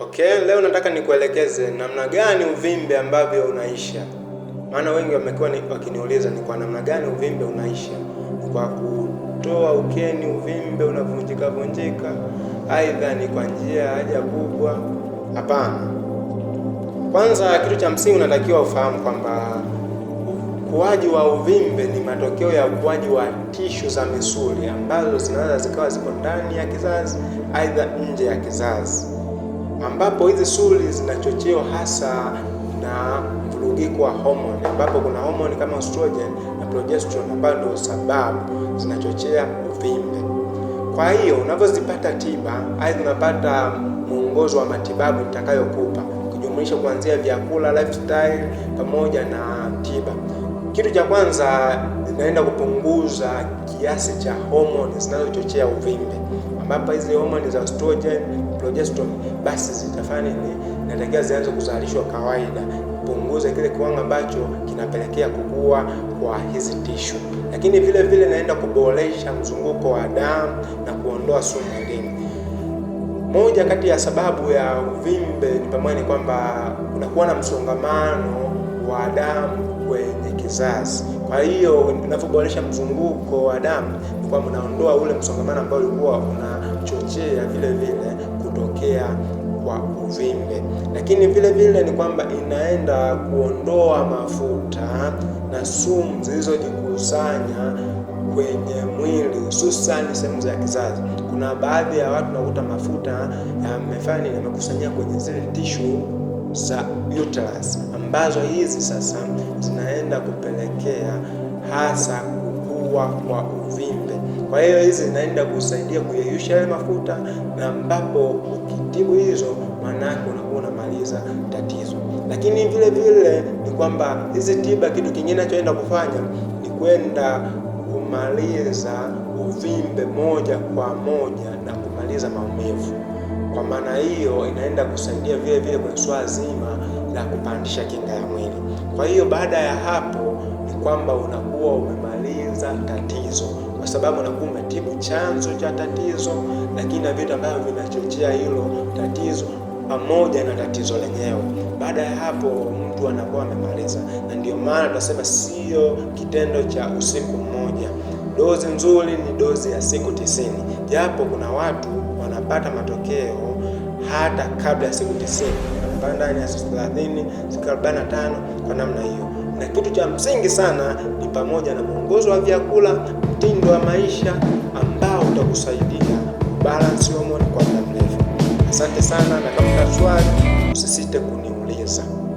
Okay, leo nataka nikuelekeze namna gani uvimbe ambavyo unaisha. Maana wengi wamekuwa wakiniuliza ni kwa namna gani uvimbe unaisha, ni kwa kutoa ukeni uvimbe unavunjika vunjika, aidha ni kwa njia haja kubwa? Hapana. Kwanza, kitu cha msingi unatakiwa ufahamu kwamba ukuaji wa uvimbe ni matokeo ya ukuaji wa tishu za misuli ambazo zinaweza zikawa ziko ndani ya kizazi, aidha nje ya kizazi ambapo hizi suli zinachochewa hasa na mvurugiko wa homoni, ambapo kuna homoni kama estrogen na progesterone ambayo ndio sababu zinachochea uvimbe. Kwa hiyo unavyozipata tiba, au unapata mwongozo wa matibabu nitakayokupa kujumlisha kuanzia vyakula, lifestyle pamoja na tiba. Kitu cha kwanza inaenda kupunguza kiasi cha homoni zinazochochea uvimbe ambapo hizi homoni za estrogen, progesterone basi zitafanya ni Natakiwa zianze kuzalishwa kawaida, punguze kile kiwango ambacho kinapelekea kukua kwa hizi tishu, lakini vile vile naenda kuboresha mzunguko wa damu na kuondoa sumu mwilini. Moja kati ya sababu ya uvimbe ni pamoja ni kwamba unakuwa na msongamano wa damu kwenye kizazi. Kwa hiyo inavyoboresha mzunguko wa damu ni kwamba unaondoa ule msongamano ambao ulikuwa unachochea vile vile kutokea kwa uvimbe, lakini vile vile ni kwamba inaenda kuondoa mafuta na sumu zilizojikusanya kwenye mwili hususani sehemu za kizazi. Kuna baadhi ya watu nakuta mafuta yamefanya yamekusanyia kwenye zile tishu za uterus, ambazo hizi sasa zinaenda kupelekea hasa kukua kwa uvimbe. Kwa hiyo hizi zinaenda kusaidia kuyeyusha yale mafuta, na ambapo ukitibu hizo, maana yake unakuwa unamaliza tatizo. Lakini vile vile ni kwamba hizi tiba, kitu kingine nachoenda kufanya ni kwenda kumaliza uvimbe moja kwa moja na kumaliza maumivu. Kwa maana hiyo inaenda kusaidia vile vile kwa swala zima la kupandisha kinga ya mwili. Kwa hiyo baada ya hapo ni kwamba unakuwa umemaliza tatizo, kwa sababu unakuwa umetibu chanzo cha tatizo, lakini na vitu ambavyo vinachochea hilo tatizo pamoja na tatizo lenyewe. Baada ya hapo mtu anakuwa amemaliza, na ndio maana tunasema sio kitendo cha usiku mmoja. Dozi nzuri ni dozi ya siku tisini, japo kuna watu wanapata matokeo hata kabla ya siku 90 wanapata ndani ya siku 30 siku 45 kwa namna hiyo. Na kitu cha msingi sana ni pamoja na mwongozo wa vyakula, mtindo wa maisha ambao utakusaidia balance hormone kwa muda mrefu. Asante sana, na kama una swali usisite kuniuliza.